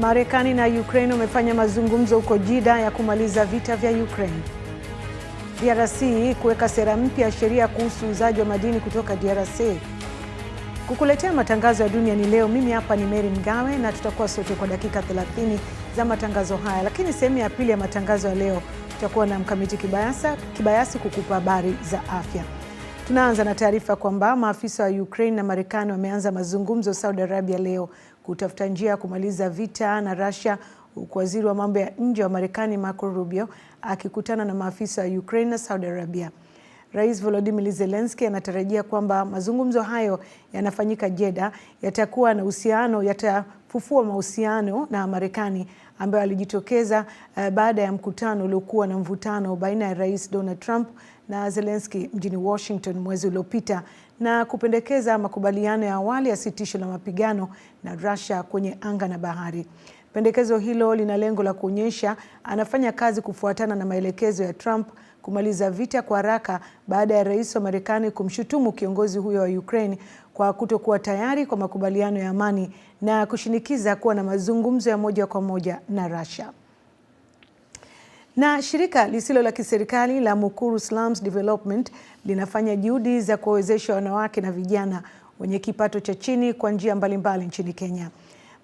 Marekani na Ukraine wamefanya mazungumzo huko Jida ya kumaliza vita vya Ukraine. DRC kuweka sera mpya ya sheria kuhusu uuzaji wa madini kutoka DRC. Kukuletea matangazo ya dunia ni leo, mimi hapa ni Mary Mgawe na tutakuwa sote kwa dakika 30 za matangazo haya, lakini sehemu ya pili ya matangazo ya leo tutakuwa na Mkamiti Kibayasa, Kibayasi kukupa habari za afya. Tunaanza na taarifa kwamba maafisa wa Ukraine na Marekani wameanza mazungumzo Saudi Arabia leo kutafuta njia ya kumaliza vita na Russia, huku waziri wa mambo ya nje wa Marekani Marco Rubio akikutana na maafisa wa Ukraine na Saudi Arabia. Rais Volodymyr Zelensky anatarajia kwamba mazungumzo hayo yanafanyika Jeddah yatakuwa na uhusiano, yatafufua mahusiano na Marekani ambayo alijitokeza uh, baada ya mkutano uliokuwa na mvutano baina ya Rais Donald Trump na Zelensky mjini Washington mwezi uliopita na kupendekeza makubaliano ya awali ya sitisho la mapigano na Russia kwenye anga na bahari. Pendekezo hilo lina lengo la kuonyesha anafanya kazi kufuatana na maelekezo ya Trump kumaliza vita kwa haraka baada ya rais wa Marekani kumshutumu kiongozi huyo wa Ukraine kwa kutokuwa tayari kwa makubaliano ya amani na kushinikiza kuwa na mazungumzo ya moja kwa moja na Russia. Na shirika lisilo la kiserikali la Mukuru Slums Development linafanya juhudi za kuwawezesha wanawake na vijana wenye kipato cha chini kwa njia mbalimbali nchini Kenya.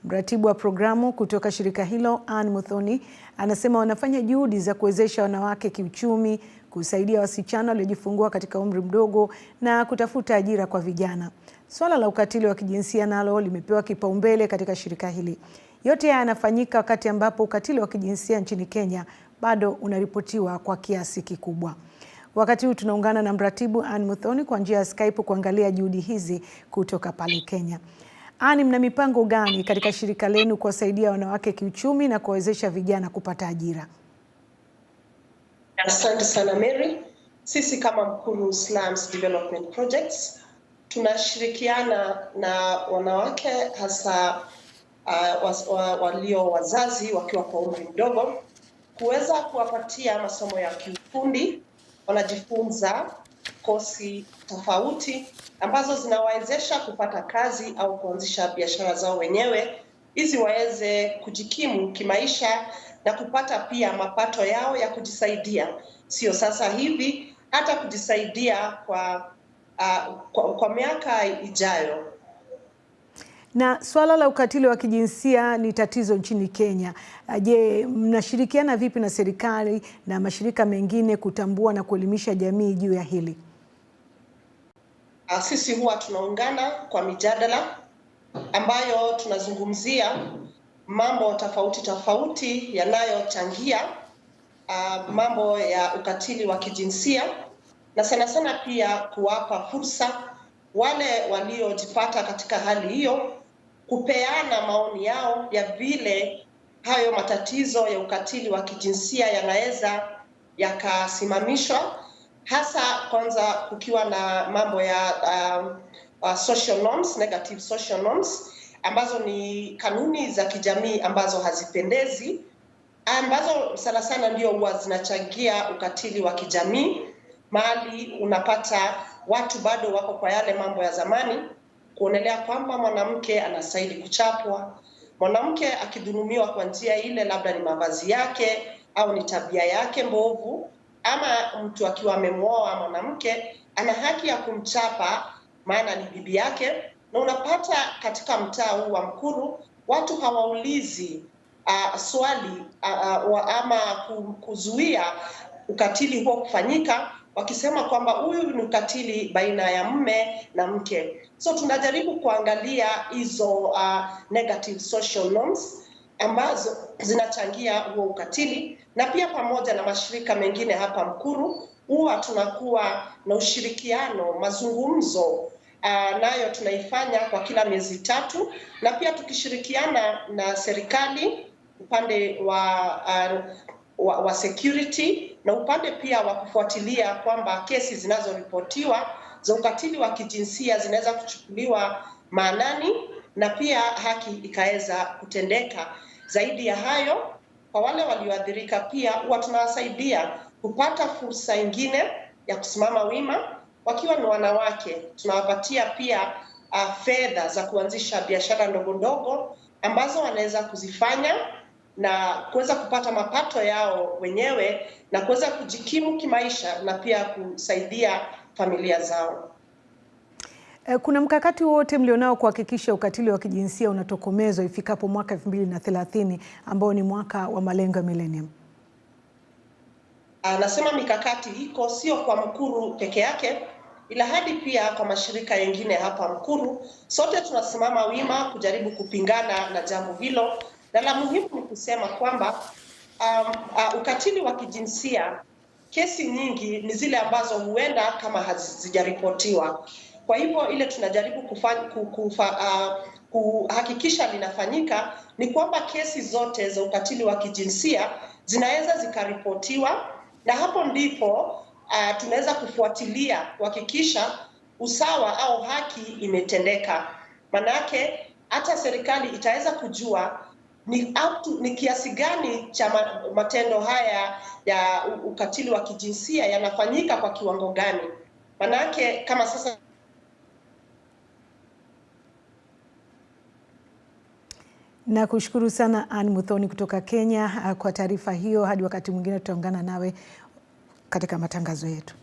Mratibu wa programu kutoka shirika hilo, Ann Muthoni, anasema wanafanya juhudi za kuwezesha wanawake kiuchumi, kusaidia wasichana waliojifungua katika umri mdogo na kutafuta ajira kwa vijana. Swala la ukatili wa kijinsia nalo limepewa kipaumbele katika shirika hili. Yote haya yanafanyika wakati ambapo ukatili wa kijinsia nchini Kenya bado unaripotiwa kwa kiasi kikubwa. Wakati huu tunaungana na mratibu Ann Muthoni kwa njia ya Skype kuangalia juhudi hizi kutoka pale Kenya. Ann, mna mipango gani katika shirika lenu kuwasaidia wanawake kiuchumi na kuwawezesha vijana kupata ajira? Asante sana Mary. Sisi kama Mkuru Slums Development Projects tunashirikiana na wanawake hasa uh, walio wazazi wakiwa kwa umri mdogo kuweza kuwapatia masomo ya kiufundi. Wanajifunza kosi tofauti ambazo zinawawezesha kupata kazi au kuanzisha biashara zao wenyewe ili waweze kujikimu kimaisha na kupata pia mapato yao ya kujisaidia, sio sasa hivi, hata kujisaidia kwa, uh, kwa, kwa miaka ijayo. Na swala la ukatili wa kijinsia ni tatizo nchini Kenya. Ah, je, mnashirikiana vipi na serikali na mashirika mengine kutambua na kuelimisha jamii juu ya hili? Ah, sisi huwa tunaungana kwa mijadala ambayo tunazungumzia mambo tofauti tofauti yanayochangia uh, mambo ya ukatili wa kijinsia na sana sana pia kuwapa fursa wale waliojipata katika hali hiyo kupeana maoni yao ya vile hayo matatizo ya ukatili wa kijinsia yanaweza yakasimamishwa, hasa kwanza kukiwa na mambo ya um, uh, social norms, negative social norms ambazo ni kanuni za kijamii ambazo hazipendezi, ambazo sana sana ndio huwa zinachangia ukatili wa kijamii, mahali unapata watu bado wako kwa yale mambo ya zamani kuonelea kwamba mwanamke anastahili kuchapwa, mwanamke akidhulumiwa kwa njia ile, labda ni mavazi yake au ni tabia yake mbovu, ama mtu akiwa amemwoa mwanamke ana haki ya kumchapa, maana ni bibi yake. Na unapata katika mtaa huu wa Mkuru watu hawaulizi uh, swali uh, uh, ama kuzuia ukatili huo kufanyika wakisema kwamba huyu ni ukatili baina ya mme na mke. So tunajaribu kuangalia hizo uh, negative social norms ambazo zinachangia huo ukatili, na pia pamoja na mashirika mengine hapa Mkuru huwa tunakuwa na ushirikiano, mazungumzo Uh, nayo tunaifanya kwa kila miezi tatu na pia tukishirikiana na serikali upande wa, uh, wa, wa security na upande pia wa kufuatilia kwamba kesi zinazoripotiwa za ukatili wa kijinsia zinaweza kuchukuliwa maanani na pia haki ikaweza kutendeka. Zaidi ya hayo, kwa wale walioathirika pia huwa tunawasaidia kupata fursa ingine ya kusimama wima wakiwa ni wanawake. Tunawapatia pia uh, fedha za kuanzisha biashara ndogo ndogo ambazo wanaweza kuzifanya na kuweza kupata mapato yao wenyewe na kuweza kujikimu kimaisha na pia kusaidia familia zao. Eh, kuna mkakati wowote mlionao kuhakikisha ukatili wa kijinsia unatokomezwa ifikapo mwaka 2030 ambao ni mwaka wa malengo ya millennium? Anasema ah, mikakati iko sio kwa Mkuru peke yake, ila hadi pia kwa mashirika yengine hapa Mkuru. Sote tunasimama wima kujaribu kupingana na jambo hilo na la muhimu ni kusema kwamba um, uh, ukatili wa kijinsia kesi nyingi ni zile ambazo huenda kama hazijaripotiwa. Kwa hivyo ile tunajaribu kufanya, kufa, uh, kuhakikisha linafanyika ni kwamba kesi zote za ukatili wa kijinsia zinaweza zikaripotiwa, na hapo ndipo uh, tunaweza kufuatilia kuhakikisha usawa au haki imetendeka. Manake hata serikali itaweza kujua ni, to, ni kiasi gani cha matendo haya ya ukatili wa kijinsia yanafanyika kwa kiwango gani? Manake kama sasa na kushukuru sana Ann Muthoni kutoka Kenya kwa taarifa hiyo. Hadi wakati mwingine, tutaungana nawe katika matangazo yetu.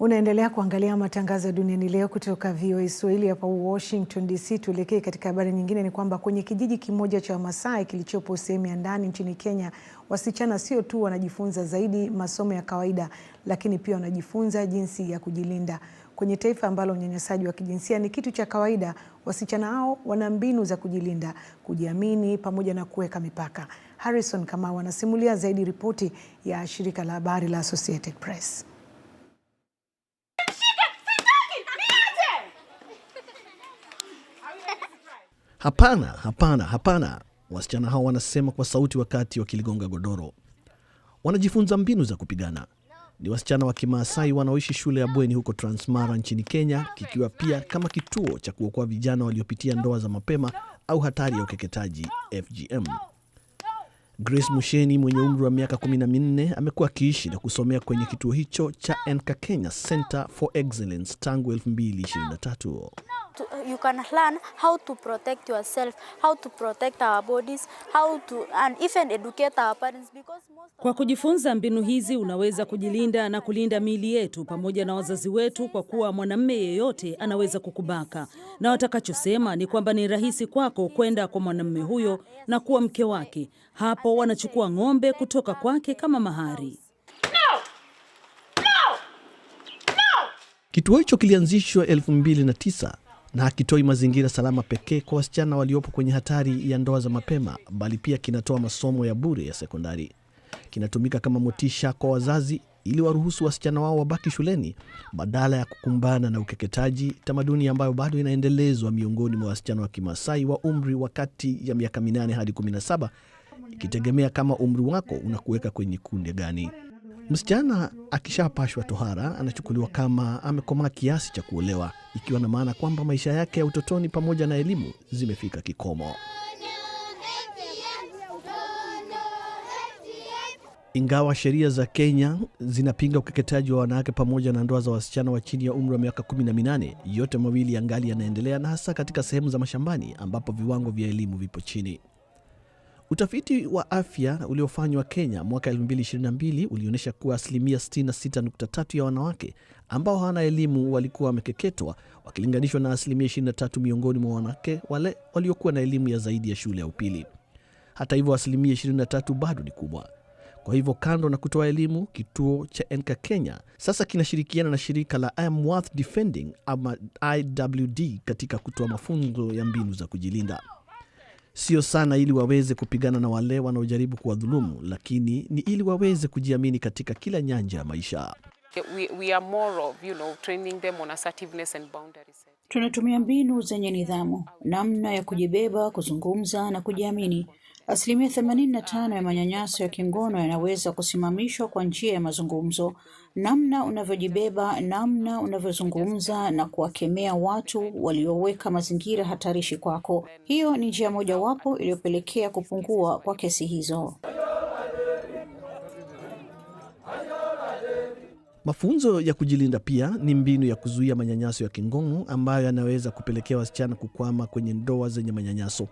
Unaendelea kuangalia matangazo ya Duniani Leo kutoka VOA Swahili hapa Washington DC. Tuelekee katika habari nyingine, ni kwamba kwenye kijiji kimoja cha Wamasai kilichopo sehemu ya ndani nchini Kenya, wasichana sio tu wanajifunza zaidi masomo ya kawaida, lakini pia wanajifunza jinsi ya kujilinda. Kwenye taifa ambalo unyanyasaji wa kijinsia ni kitu cha kawaida, wasichana hao wana mbinu za kujilinda, kujiamini pamoja na kuweka mipaka. Harrison Kamau anasimulia zaidi ripoti ya shirika la habari la Associated Press. Hapana, hapana, hapana, wasichana hao wanasema kwa sauti wakati wakiligonga godoro. Wanajifunza mbinu za kupigana. Ni wasichana wa Kimaasai wanaoishi shule ya bweni huko Transmara nchini Kenya, kikiwa pia kama kituo cha kuokoa vijana waliopitia ndoa za mapema au hatari ya ukeketaji FGM. Grace Musheni mwenye umri wa miaka 14 amekuwa akiishi na kusomea kwenye kituo hicho cha Kenya Center for Excellence tangu 2023 to, uh, you can learn how to protect yourself, how to protect our bodies, how to and even educate our parents because most Kwa kujifunza mbinu hizi unaweza kujilinda na kulinda miili yetu pamoja na wazazi wetu, kwa kuwa mwanamume yeyote anaweza kukubaka, na watakachosema ni kwamba ni rahisi kwako kwenda kwa mwanamume huyo na kuwa mke wake. Hapo wanachukua ng'ombe kutoka kwake kama mahari. Kituo hicho kilianzishwa 2009 na hakitoi mazingira salama pekee kwa wasichana waliopo kwenye hatari ya ndoa za mapema, bali pia kinatoa masomo ya bure ya sekondari. Kinatumika kama motisha kwa wazazi ili waruhusu wasichana wao wabaki shuleni badala ya kukumbana na ukeketaji, tamaduni ambayo bado inaendelezwa miongoni mwa wasichana wa Kimasai wa umri wa kati ya miaka minane hadi 17 ikitegemea kama umri wako unakuweka kwenye kundi gani. Msichana akishapashwa tohara anachukuliwa kama amekomaa kiasi cha kuolewa, ikiwa na maana kwamba maisha yake ya utotoni pamoja na elimu zimefika kikomo. Ingawa sheria za Kenya zinapinga ukeketaji wa wanawake pamoja na ndoa za wasichana wa chini ya umri wa miaka 18, yote mawili yangali yanaendelea, na hasa katika sehemu za mashambani ambapo viwango vya elimu vipo chini. Utafiti wa afya uliofanywa Kenya mwaka 222 ulionyesha kuwa asilimia 66.3 ya wanawake ambao hawana elimu walikuwa wamekeketwa wakilinganishwa na asilimia 23 miongoni mwa wanawake wale waliokuwa na elimu ya zaidi ya shule ya upili. Hata hivyo, asilimia 23 bado ni kubwa. Kwa hivyo, kando na kutoa elimu, kituo cha Enka Kenya sasa kinashirikiana na shirika la I Am Worth Defending ama IWD katika kutoa mafunzo ya mbinu za kujilinda sio sana ili waweze kupigana na wale wanaojaribu kuwadhulumu, lakini ni ili waweze kujiamini katika kila nyanja ya maisha. Tunatumia mbinu zenye nidhamu, namna ya kujibeba, kuzungumza na kujiamini. Asilimia 85 ya manyanyaso ya kingono yanaweza kusimamishwa kwa njia ya mazungumzo namna unavyojibeba, namna unavyozungumza na kuwakemea watu walioweka mazingira hatarishi kwako. Hiyo ni njia mojawapo iliyopelekea kupungua kwa kesi hizo. Mafunzo ya kujilinda pia ni mbinu ya kuzuia manyanyaso ya kingono ambayo yanaweza kupelekea wasichana kukwama kwenye ndoa zenye manyanyaso.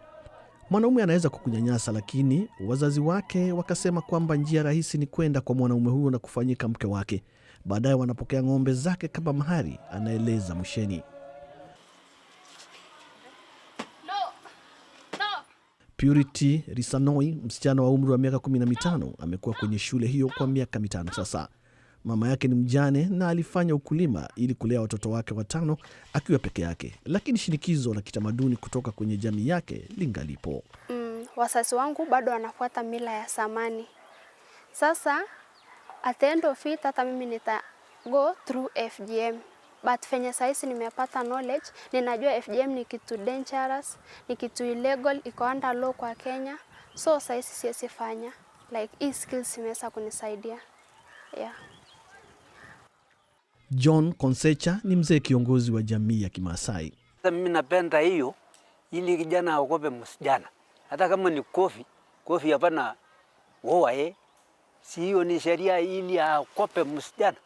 Mwanaume anaweza kukunyanyasa, lakini wazazi wake wakasema kwamba njia rahisi ni kwenda kwa mwanaume huyo na kufanyika mke wake. Baadaye wanapokea ng'ombe zake kama mahari, anaeleza mwisheni Purity Risanoi, msichana wa umri wa miaka 15, amekuwa kwenye shule hiyo kwa miaka mitano sasa. Mama yake ni mjane na alifanya ukulima ili kulea watoto wake watano akiwa peke yake, lakini shinikizo la kitamaduni kutoka kwenye jamii yake lingalipo. Mm, wazazi wangu bado wanafuata mila ya zamani. Sasa at the end of it, hata mimi nita go through FGM but fenye saisi nimepata knowledge, ninajua FGM ni kitu dangerous, ni kitu illegal, iko under law kwa Kenya, so saisi siwezi fanya like hii skills imeweza kunisaidia yeah. John Konsecha ni mzee kiongozi wa jamii ya Kimaasai. Mimi napenda hiyo ili kijana aokope msijana, hata kama ni kofi kofi, hapana woa eh, si hiyo ni sheria ili aokope msijana.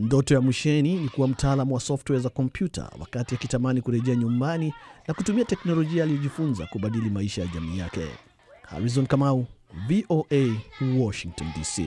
Ndoto ya Musheni ni kuwa mtaalamu wa software za kompyuta, wakati akitamani kurejea nyumbani na kutumia teknolojia aliyojifunza kubadili maisha ya jamii yake. Harrison Kamau, VOA, Washington DC.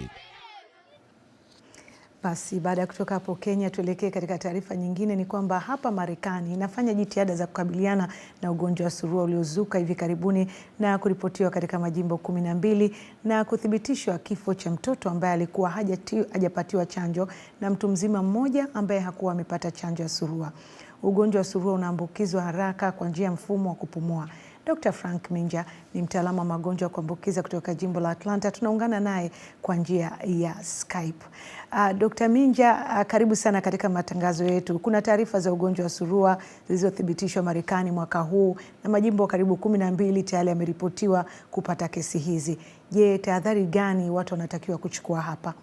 Basi baada ya kutoka hapo Kenya, tuelekee katika taarifa nyingine. Ni kwamba hapa Marekani inafanya jitihada za kukabiliana na ugonjwa wa surua uliozuka hivi karibuni na kuripotiwa katika majimbo kumi na mbili na kuthibitishwa kifo cha mtoto ambaye alikuwa hajapatiwa chanjo na mtu mzima mmoja ambaye hakuwa amepata chanjo ya surua. Ugonjwa wa surua unaambukizwa haraka kwa njia ya mfumo wa kupumua. Dr. Frank Minja ni mtaalamu wa magonjwa ya kuambukiza kutoka jimbo la Atlanta. Tunaungana naye kwa njia ya Skype. Uh, ah, Dr. Minja, uh, karibu sana katika matangazo yetu. Kuna taarifa za ugonjwa wa surua zilizothibitishwa Marekani mwaka huu na majimbo karibu kumi na mbili tayari yameripotiwa kupata kesi hizi. Je, tahadhari gani watu wanatakiwa kuchukua hapa?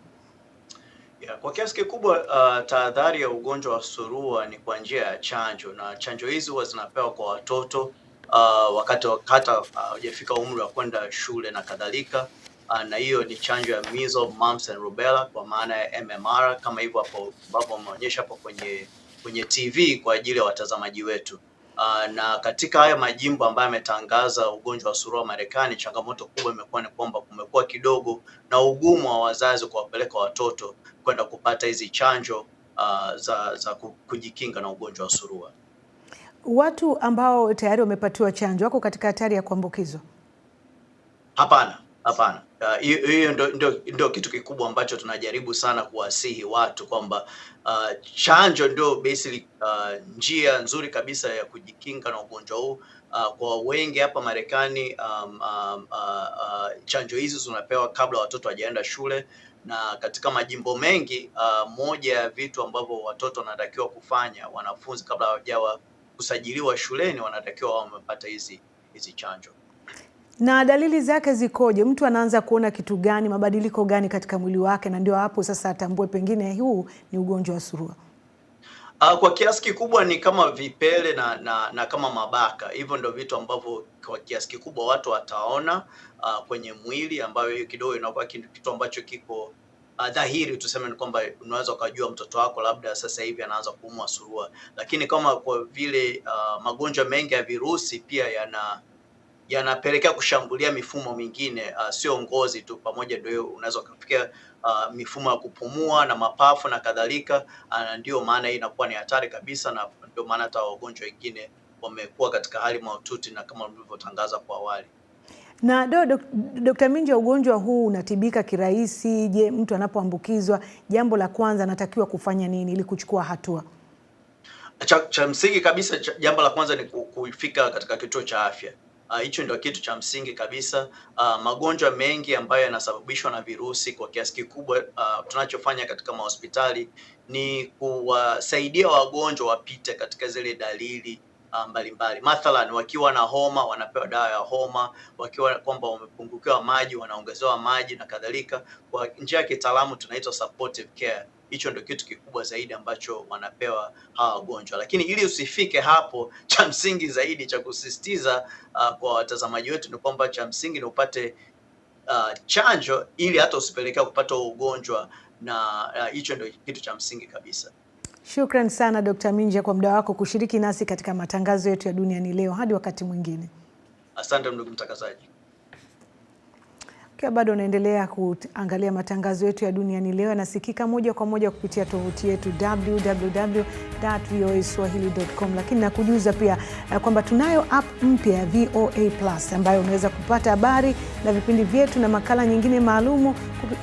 Yeah, kwa kiasi kikubwa uh, tahadhari ya ugonjwa wa surua ni kwa njia ya chanjo na chanjo hizi huwa zinapewa kwa watoto uh, wakati hata hawajafika uh, umri wa kwenda shule na kadhalika uh, na hiyo ni chanjo ya measles, mumps and rubella kwa maana ya MMR kama hivyo hapo baba ameonyesha hapo kwenye kwenye TV kwa ajili ya watazamaji wetu. Uh, na katika haya majimbo ambayo yametangaza ugonjwa wa surua Marekani, changamoto kubwa imekuwa ni kwamba kumekuwa kidogo na ugumu wa wazazi kuwapeleka watoto kwenda kupata hizi chanjo uh, za, za kujikinga na ugonjwa wa surua watu ambao tayari wamepatiwa chanjo wako katika hatari ya kuambukizwa? Hapana, hapana. Uh, hiyo uh, ndio kitu kikubwa ambacho tunajaribu sana kuwasihi watu kwamba uh, chanjo ndio basically uh, njia nzuri kabisa ya kujikinga na ugonjwa huu. Uh, kwa wengi hapa Marekani um, um, uh, uh, chanjo hizi zinapewa kabla watoto wajaenda shule, na katika majimbo mengi uh, moja ya vitu ambavyo watoto wanatakiwa kufanya wanafunzi kabla hawajawa kusajiliwa shuleni wanatakiwa wamepata hizi hizi chanjo. Na dalili zake zikoje? Mtu anaanza kuona kitu gani, mabadiliko gani katika mwili wake, na ndio hapo sasa atambue pengine huu ni ugonjwa wa surua? Ah, kwa kiasi kikubwa ni kama vipele na, na, na kama mabaka. Hivyo ndio vitu ambavyo kwa kiasi kikubwa watu wataona uh, kwenye mwili ambayo hiyo kidogo inakuwa kitu ambacho kiko Ah, dhahiri tuseme ni kwamba unaweza ukajua mtoto wako labda sasa hivi anaanza kuumwa surua, lakini kama kwa vile uh, magonjwa mengi ya virusi pia yana yanapelekea kushambulia mifumo mingine uh, sio ngozi tu, pamoja ndio unaweza ukafikia uh, mifumo ya kupumua na mapafu na kadhalika. Uh, ndio maana hii inakuwa ni hatari kabisa, na ndio maana hata wagonjwa wengine wamekuwa katika hali mahututi, na kama ulivyotangaza kwa awali. Na do, do, Dkt. Minja, ugonjwa huu unatibika kirahisi? Je, mtu anapoambukizwa jambo la kwanza anatakiwa kufanya nini ili kuchukua hatua? Cha, cha msingi kabisa cha, jambo la kwanza ni kufika katika kituo cha afya ah, hicho uh, ndio kitu cha msingi kabisa. Uh, magonjwa mengi ambayo yanasababishwa na virusi kwa kiasi kikubwa, uh, tunachofanya katika mahospitali ni kuwasaidia wagonjwa wapite katika zile dalili Ah, mbalimbali mathalan, wakiwa na homa wanapewa dawa ya homa, wakiwa kwamba wamepungukiwa maji wanaongezewa maji na kadhalika. Kwa njia ya kitaalamu tunaitwa supportive care. Hicho ndio kitu kikubwa zaidi ambacho wanapewa hawa wagonjwa, lakini ili usifike hapo, cha msingi zaidi cha kusisitiza uh, kwa watazamaji wetu ni kwamba cha msingi ni upate uh, chanjo ili hata usipelekea kupata ugonjwa, na hicho uh, ndio kitu cha msingi kabisa. Shukran sana Dkt. Minja kwa muda wako kushiriki nasi katika matangazo yetu ya Duniani Leo. Hadi wakati mwingine. Asante ndugu mtangazaji. Ukiwa bado unaendelea kuangalia matangazo yetu ya Duniani Leo, yanasikika moja kwa moja kupitia tovuti yetu www.voaswahili.com, lakini nakujuza pia eh, kwamba tunayo app mpya ya VOA Plus ambayo unaweza kupata habari na vipindi vyetu na makala nyingine maalumu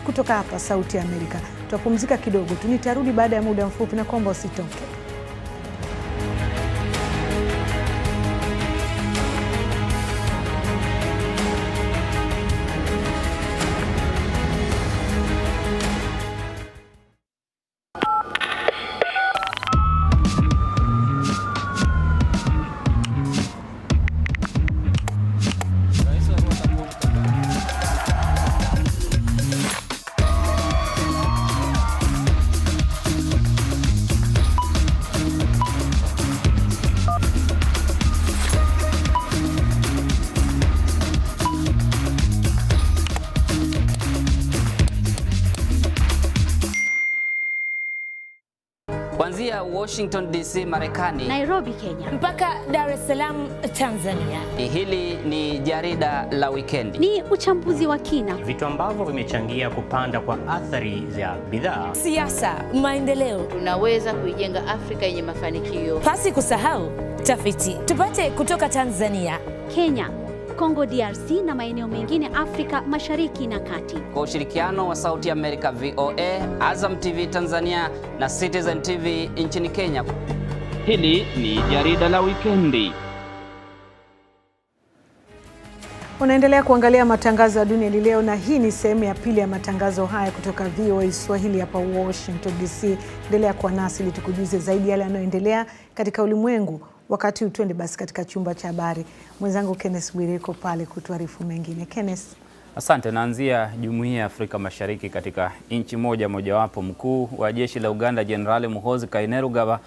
kutoka hapa Sauti ya Amerika tutapumzika kidogo tu, nitarudi baada ya muda mfupi na kwamba usitoke. Washington DC, Marekani, Nairobi, Kenya, mpaka Dar es Salaam, Tanzania. Hili ni jarida la wikendi, ni uchambuzi wa kina, vitu ambavyo vimechangia kupanda kwa athari za bidhaa, siasa, maendeleo. Tunaweza kuijenga Afrika yenye mafanikio, pasi kusahau tafiti tupate kutoka Tanzania, Kenya Kongo DRC na maeneo mengine Afrika Mashariki na Kati. Kwa ushirikiano wa Sauti Amerika VOA, Azam TV Tanzania na Citizen TV nchini Kenya. Hili ni jarida la wikendi. Unaendelea kuangalia matangazo ya dunia hii leo, na hii ni sehemu ya pili ya matangazo haya kutoka VOA Swahili hapa Washington DC. Endelea kuwa nasi ili tukujuze zaidi yale yanayoendelea katika ulimwengu wakati utwende twende basi katika chumba cha habari. Mwenzangu Kenneth Bwire yuko pale kutuarifu mengine. Kenneth, asante. Naanzia jumuiya ya Afrika Mashariki katika nchi moja mojawapo. Mkuu wa jeshi la Uganda Jenerali muhozi Kainerugaba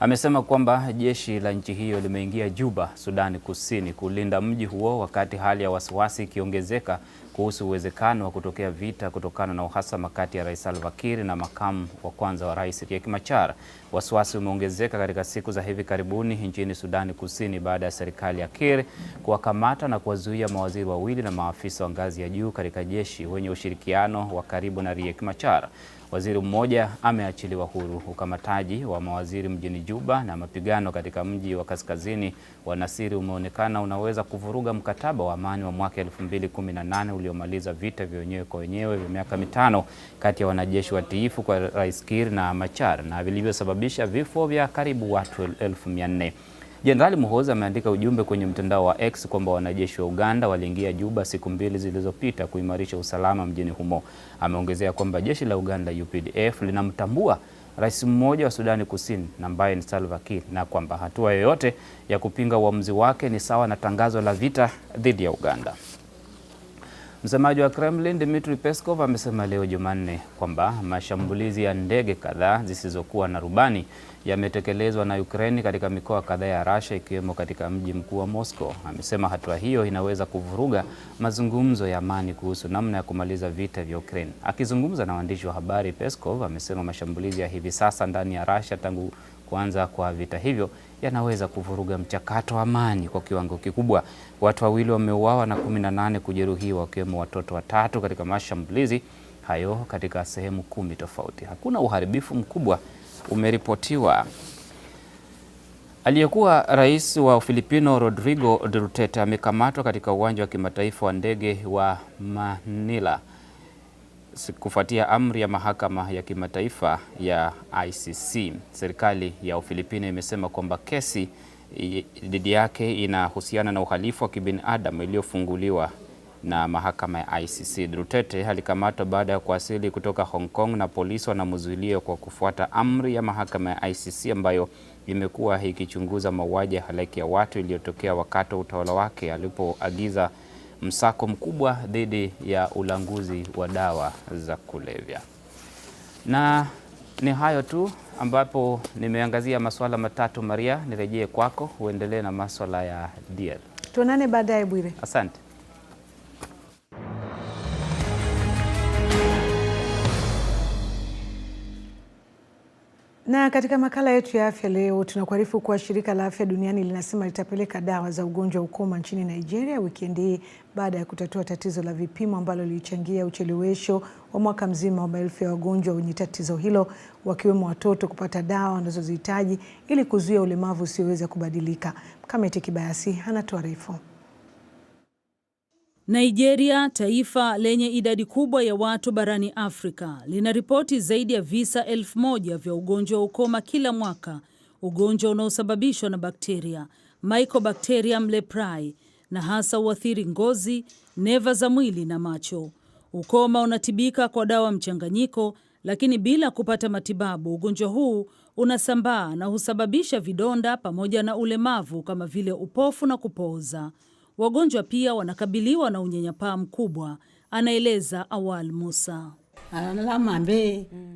amesema kwamba jeshi la nchi hiyo limeingia Juba, Sudani Kusini kulinda mji huo wakati hali ya wasiwasi ikiongezeka kuhusu uwezekano wa kutokea vita kutokana na uhasama kati ya Rais Salva Kiir na makamu wa kwanza wa rais Riek Machar. Wasiwasi umeongezeka katika siku za hivi karibuni nchini Sudani Kusini baada ya serikali ya Kiir kuwakamata na kuwazuia mawaziri wawili na maafisa wa ngazi ya juu katika jeshi wenye ushirikiano wa karibu na Riek Machar. Waziri mmoja ameachiliwa huru. Ukamataji wa mawaziri mjini Juba na mapigano katika mji wa kaskazini wa Nasiri umeonekana unaweza kuvuruga mkataba wa amani wa mwaka 2018 uliomaliza vita vya wenyewe kwa wenyewe vya miaka mitano kati ya wanajeshi watiifu kwa Rais Kiir na Machar na vilivyosababisha kusababisha vifo vya karibu watu 1400. Jenerali Muhoozi ameandika ujumbe kwenye mtandao wa X kwamba wanajeshi wa Uganda waliingia Juba siku mbili zilizopita kuimarisha usalama mjini humo. Ameongezea kwamba jeshi la Uganda UPDF linamtambua rais mmoja wa Sudani Kusini ambaye ni Salva Kiir na kwamba hatua yoyote ya kupinga uamuzi wake ni sawa na tangazo la vita dhidi ya Uganda. Msemaji wa Kremlin Dmitry Peskov amesema leo Jumanne kwamba mashambulizi ya ndege kadhaa zisizokuwa na rubani yametekelezwa na Ukraine katika mikoa kadhaa ya Russia ikiwemo katika mji mkuu wa Moscow. Amesema hatua hiyo inaweza kuvuruga mazungumzo ya amani kuhusu namna ya kumaliza vita vya Ukraine. Akizungumza na waandishi wa habari, Peskov amesema mashambulizi ya hivi sasa ndani ya Russia tangu kuanza kwa vita hivyo yanaweza kuvuruga mchakato wa amani kwa kiwango kikubwa. Watu wawili wameuawa na 18 kujeruhiwa wakiwemo watoto watatu katika mashambulizi hayo katika sehemu kumi tofauti. Hakuna uharibifu mkubwa umeripotiwa. Aliyekuwa rais wa Ufilipino Rodrigo Duterte amekamatwa katika uwanja wa kimataifa wa ndege wa Manila kufuatia amri ya mahakama ya kimataifa ya ICC. Serikali ya Ufilipino imesema kwamba kesi dhidi yake inahusiana na uhalifu wa kibinadamu iliyofunguliwa na mahakama ya ICC. Duterte alikamatwa baada ya kuwasili kutoka Hong Kong na polisi wanamzuilia kwa kufuata amri ya mahakama ya ICC ambayo imekuwa ikichunguza mauaji ya halaiki ya watu iliyotokea wakati wa utawala wake alipoagiza msako mkubwa dhidi ya ulanguzi wa dawa za kulevya. Na ni hayo tu ambapo nimeangazia masuala matatu. Maria, nirejee kwako uendelee na masuala ya DL. Tuonane baadaye Bwire. Asante. Na katika makala yetu ya afya leo tunakuarifu kuwa shirika la afya duniani linasema litapeleka dawa za ugonjwa wa ukoma nchini Nigeria wikendi hii baada ya kutatua tatizo la vipimo ambalo lilichangia uchelewesho wa mwaka mzima wa maelfu ya wagonjwa wenye tatizo hilo wakiwemo watoto kupata dawa wanazozihitaji ili kuzuia ulemavu usioweza kubadilika. Mkamiti Kibayasi anatuarifu. Nigeria, taifa lenye idadi kubwa ya watu barani Afrika, ripoti zaidi ya visa elfu moja vya ugonjwa wa ukoma kila mwaka, ugonjwa unaosababishwa na bakteria Mycobacterium leprae, na hasa huathiri ngozi, neva za mwili na macho. Ukoma unatibika kwa dawa mchanganyiko, lakini bila kupata matibabu, ugonjwa huu unasambaa na husababisha vidonda pamoja na ulemavu kama vile upofu na kupooza. Wagonjwa pia wanakabiliwa na unyanyapaa mkubwa, anaeleza Awal Musa.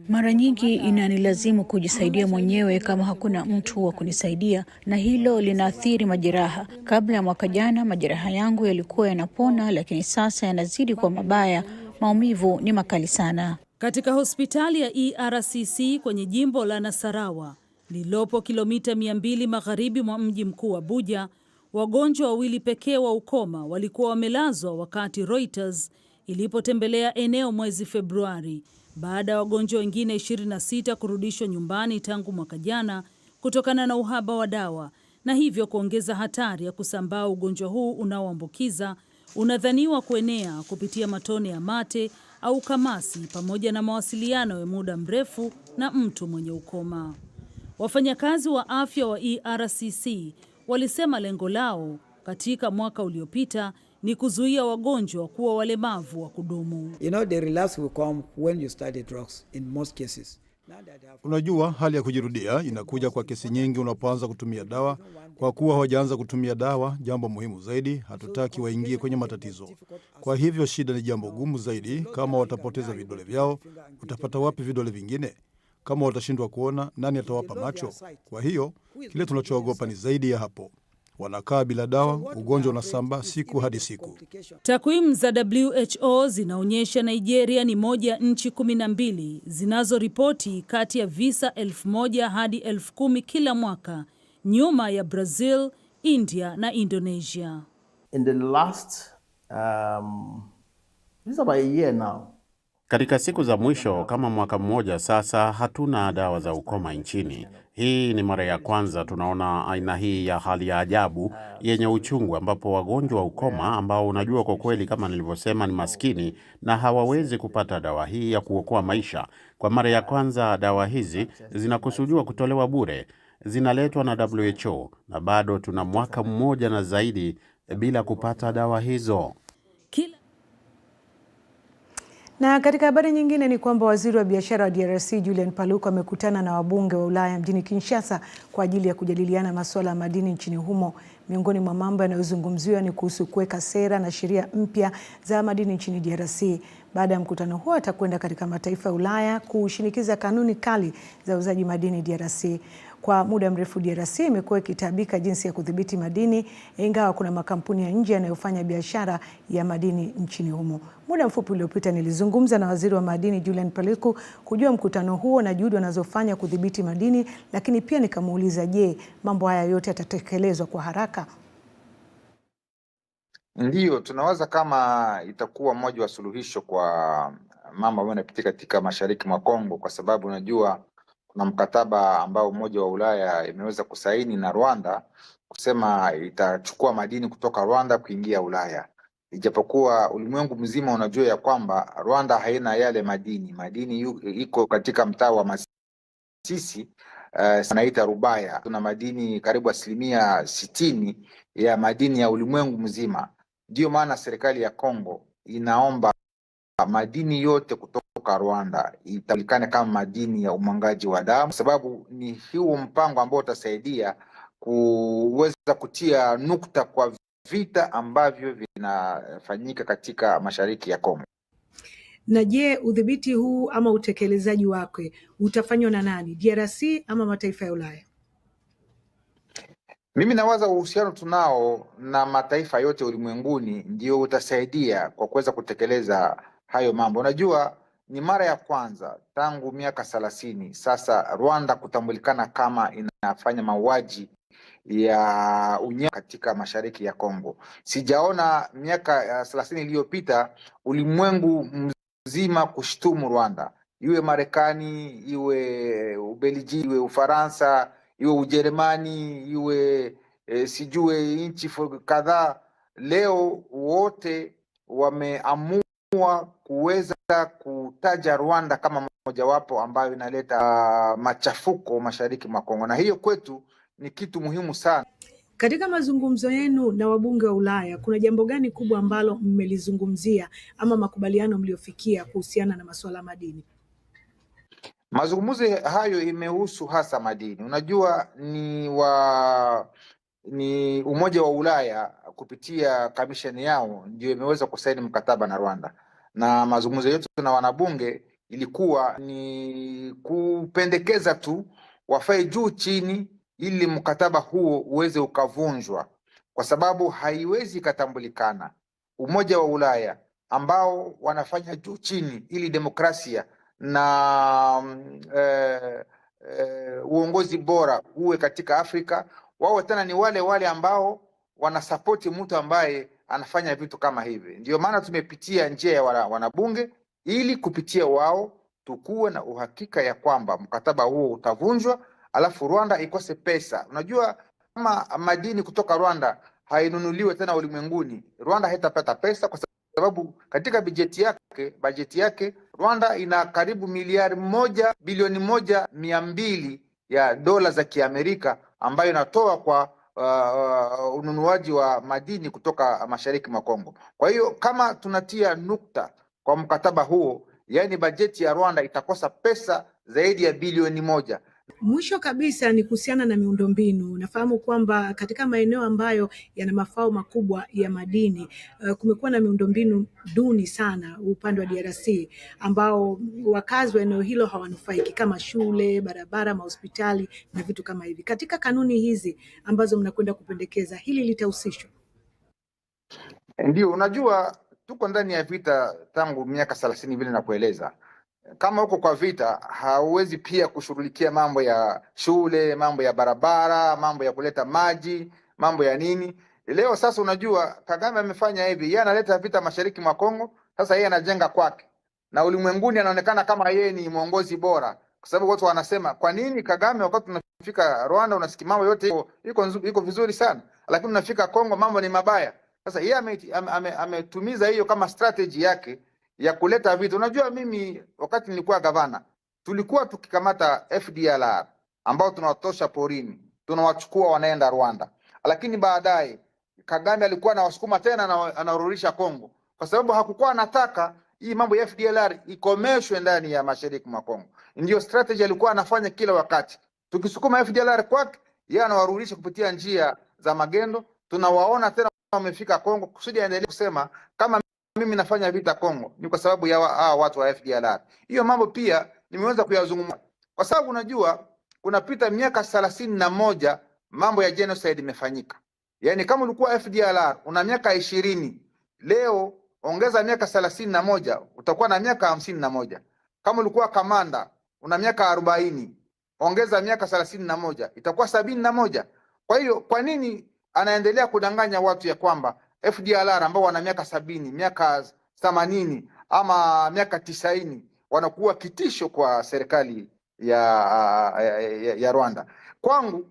Mara nyingi inanilazimu kujisaidia mwenyewe kama hakuna mtu wa kunisaidia, na hilo linaathiri majeraha. Kabla ya mwaka jana, majeraha yangu yalikuwa yanapona, lakini sasa yanazidi kuwa mabaya. Maumivu ni makali sana. Katika hospitali ya ERCC kwenye jimbo la Nasarawa lililopo kilomita 200 magharibi mwa mji mkuu Abuja, Wagonjwa wawili pekee wa ukoma walikuwa wamelazwa wakati Reuters ilipotembelea eneo mwezi Februari baada ya wagonjwa wengine 26 kurudishwa nyumbani tangu mwaka jana kutokana na uhaba wa dawa na hivyo kuongeza hatari ya kusambaa ugonjwa huu unaoambukiza unadhaniwa kuenea kupitia matone ya mate au kamasi pamoja na mawasiliano ya muda mrefu na mtu mwenye ukoma. Wafanyakazi wa afya wa ERCC walisema lengo lao katika mwaka uliopita ni kuzuia wagonjwa kuwa walemavu wa kudumu. You know, Unajua, hali ya kujirudia inakuja kwa kesi nyingi unapoanza kutumia dawa. Kwa kuwa hawajaanza kutumia dawa, jambo muhimu zaidi, hatutaki waingie kwenye matatizo. Kwa hivyo shida ni jambo gumu zaidi. Kama watapoteza vidole vyao, utapata wapi vidole vingine? Kama watashindwa kuona, nani atawapa macho? Kwa hiyo kile tunachoogopa ni zaidi ya hapo. Wanakaa bila dawa, ugonjwa unasambaa siku hadi siku. Takwimu za WHO zinaonyesha Nigeria ni moja ya nchi kumi na mbili zinazoripoti kati ya visa elfu moja hadi elfu kumi kila mwaka, nyuma ya Brazil, India na Indonesia. In the last, um, this is about a year now. Katika siku za mwisho kama mwaka mmoja sasa, hatuna dawa za ukoma nchini. Hii ni mara ya kwanza tunaona aina hii ya hali ya ajabu yenye uchungu, ambapo wagonjwa wa ukoma ambao unajua kwa kweli, kama nilivyosema, ni maskini na hawawezi kupata dawa hii ya kuokoa maisha. Kwa mara ya kwanza dawa hizi zinakusudiwa kutolewa bure, zinaletwa na WHO na bado tuna mwaka mmoja na zaidi bila kupata dawa hizo. Na katika habari nyingine ni kwamba waziri wa biashara wa DRC Julian Paluku amekutana na wabunge wa Ulaya mjini Kinshasa kwa ajili ya kujadiliana masuala ya madini nchini humo. Miongoni mwa mambo yanayozungumziwa ni kuhusu kuweka sera na sheria mpya za madini nchini DRC. Baada ya mkutano huo, atakwenda katika mataifa ya Ulaya kushinikiza kanuni kali za uuzaji madini DRC. Kwa muda mrefu DRC imekuwa ikitabika jinsi ya kudhibiti madini, ingawa kuna makampuni ya nje yanayofanya biashara ya madini nchini humo. Muda mfupi uliopita nilizungumza na waziri wa madini Julian Paluku kujua mkutano huo na juhudi wanazofanya kudhibiti madini, lakini pia nikamuuliza, je, mambo haya yote yatatekelezwa kwa haraka? Ndiyo, tunawaza kama itakuwa mmoja wa suluhisho kwa mambo ambayo yanapitika katika mashariki mwa Kongo, kwa sababu unajua kuna mkataba ambao Umoja wa Ulaya imeweza kusaini na Rwanda kusema itachukua madini kutoka Rwanda kuingia Ulaya, ijapokuwa ulimwengu mzima unajua ya kwamba Rwanda haina yale madini. Madini yu, iko katika mtaa wa Masisi sanaita eh, Rubaya. Tuna madini karibu asilimia sitini ya madini ya ulimwengu mzima. Ndiyo maana serikali ya Kongo inaomba madini yote kutoka kutoka Rwanda itajulikana kama madini ya umwangaji wa damu, sababu ni huu mpango ambao utasaidia kuweza kutia nukta kwa vita ambavyo vinafanyika katika mashariki ya Kongo. Na je, udhibiti huu ama utekelezaji wake utafanywa na nani, DRC ama mataifa ya Ulaya? Mimi nawaza uhusiano tunao na mataifa yote ulimwenguni ndio utasaidia kwa kuweza kutekeleza hayo mambo. Unajua, ni mara ya kwanza tangu miaka thelathini sasa Rwanda kutambulikana kama inafanya mauaji ya unyama katika mashariki ya Kongo. Sijaona miaka eh, thelathini iliyopita ulimwengu mzima kushtumu Rwanda, iwe Marekani, iwe Ubelgiji, iwe Ufaransa, iwe Ujerumani, iwe e, eh, sijue nchi kadhaa. Leo wote wameamua kuamua kuweza kutaja Rwanda kama mojawapo ambayo inaleta uh, machafuko mashariki mwa Kongo, na hiyo kwetu ni kitu muhimu sana. Katika mazungumzo yenu na wabunge wa Ulaya, kuna jambo gani kubwa ambalo mmelizungumzia ama makubaliano mliofikia kuhusiana na masuala madini? Mazungumzo hayo imehusu hasa madini. Unajua ni wa ni Umoja wa Ulaya kupitia kamisheni yao ndio imeweza kusaini mkataba na Rwanda na mazungumzo yetu na wanabunge ilikuwa ni kupendekeza tu wafae juu chini, ili mkataba huo uweze ukavunjwa, kwa sababu haiwezi ikatambulikana. Umoja wa Ulaya ambao wanafanya juu chini ili demokrasia na e, e, uongozi bora uwe katika Afrika, wao tena ni wale wale ambao wanasapoti mtu ambaye anafanya vitu kama hivi. Ndio maana tumepitia njia ya wanabunge ili kupitia wao tukuwe na uhakika ya kwamba mkataba huo utavunjwa, alafu Rwanda ikose pesa. Unajua, kama madini kutoka Rwanda hainunuliwe tena ulimwenguni, Rwanda haitapata pesa kwa sababu katika bajeti yake bajeti yake Rwanda ina karibu miliari moja bilioni moja mia mbili ya dola za Kiamerika ambayo inatoa kwa uh, ununuaji wa madini kutoka mashariki mwa Kongo. Kwa hiyo kama tunatia nukta kwa mkataba huo, yaani bajeti ya Rwanda itakosa pesa zaidi ya bilioni moja. Mwisho kabisa ni kuhusiana na miundombinu. Nafahamu kwamba katika maeneo ambayo yana mafao makubwa ya madini uh, kumekuwa na miundombinu duni sana upande wa DRC ambao wakazi wa eneo hilo hawanufaiki kama shule, barabara, mahospitali na vitu kama hivi. Katika kanuni hizi ambazo mnakwenda kupendekeza, hili litahusishwa? Ndio, unajua tuko ndani ya vita tangu miaka thelathini vile na kueleza kama huko kwa vita hauwezi pia kushughulikia mambo ya shule, mambo ya barabara, mambo ya kuleta maji, mambo ya nini. Leo sasa, unajua Kagame amefanya hivi, yeye analeta vita mashariki mwa Kongo, sasa yeye anajenga kwake, na ulimwenguni anaonekana kama yeye ni mwongozi bora, kwa sababu watu wanasema kwa nini Kagame, wakati unafika Rwanda unasikia mambo yote iko iko vizuri sana, lakini unafika Kongo mambo ni mabaya. Sasa yeye ametumiza ame, ame hiyo kama strategy yake ya kuleta vitu. Unajua, mimi wakati nilikuwa gavana, tulikuwa tukikamata FDLR ambao tunawatosha porini, tunawachukua wanaenda Rwanda, lakini baadaye Kagame alikuwa anawasukuma tena, anarudisha Kongo, kwa sababu hakukuwa anataka hii mambo ya FDLR ikomeshwe ndani ya mashariki mwa Kongo. Ndio strategy alikuwa anafanya kila wakati, tukisukuma FDLR kwake, yeye anawarudisha kupitia njia za magendo. Tunawaona tena wamefika Kongo kusudi aendelee kusema kama mimi nafanya vita Kongo ni kwa sababu ya hawa watu wa FDLR. Hiyo mambo pia nimeweza kuyazungumza, kwa sababu unajua kunapita miaka thelathini na moja mambo ya genocide imefanyika. Yaani kama ulikuwa FDLR una miaka ishirini leo ongeza miaka thelathini na moja utakuwa na miaka hamsini na moja Kama ulikuwa kamanda una miaka arobaini ongeza miaka thelathini na moja itakuwa sabini na moja Kwa hiyo kwa nini anaendelea kudanganya watu ya kwamba FDLR ambao wana miaka sabini, miaka themanini ama miaka tisaini wanakuwa kitisho kwa serikali ya, ya, ya, ya Rwanda. Kwangu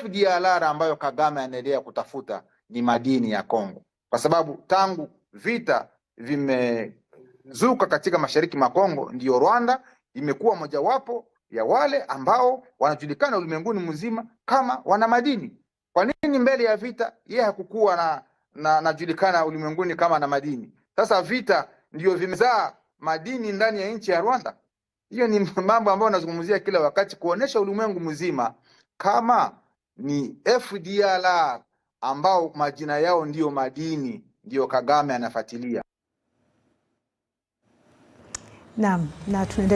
FDLR ambayo Kagame anaendelea kutafuta ni madini ya Kongo, kwa sababu tangu vita vimezuka katika mashariki mwa Kongo, ndiyo Rwanda imekuwa mojawapo ya wale ambao wanajulikana ulimwenguni mzima kama wana madini. Kwa nini mbele ya vita yeye hakukuwa na na najulikana ulimwenguni kama na madini. Sasa vita ndio vimezaa madini ndani ya nchi ya Rwanda. Hiyo ni mambo ambayo nazungumzia kila wakati, kuonesha ulimwengu mzima kama ni FDLR ambao majina yao ndiyo madini, ndiyo Kagame anafuatilia. Naam, na tunaendelea